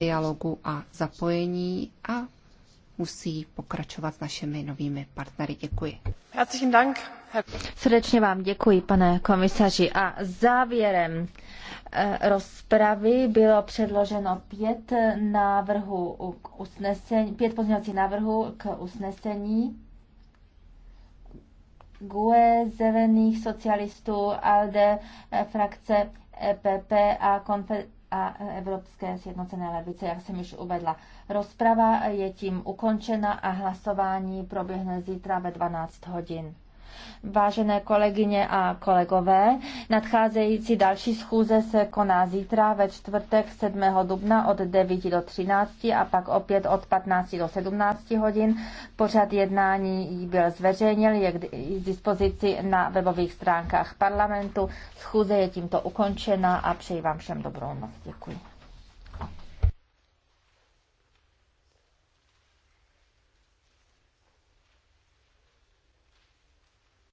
dialogu a zapojení a musí pokračovat s našimi novými partnery. Děkuji. Herzlichen Dank. Srdečně vám děkuji, pane komisaři. A závěrem eh, rozpravy bylo předloženo pět návrhů k usnesení, pět pozměňovacích návrhů k usnesení. GUE, zelených socialistů, ALDE, eh, frakce EPP a konfederace a Evropské sjednocené levice, jak jsem již uvedla. Rozprava je tím ukončena a hlasování proběhne zítra ve 12 hodin. Vážené kolegyně a kolegové, nadcházející další schůze se koná zítra ve čtvrtek 7. dubna od 9 do 13 a pak opět od 15 do 17 hodin. Pořad jednání byl zveřejněn, je k dispozici na webových stránkách parlamentu. Schůze je tímto ukončena a přeji vám všem dobrou noc. Děkuji.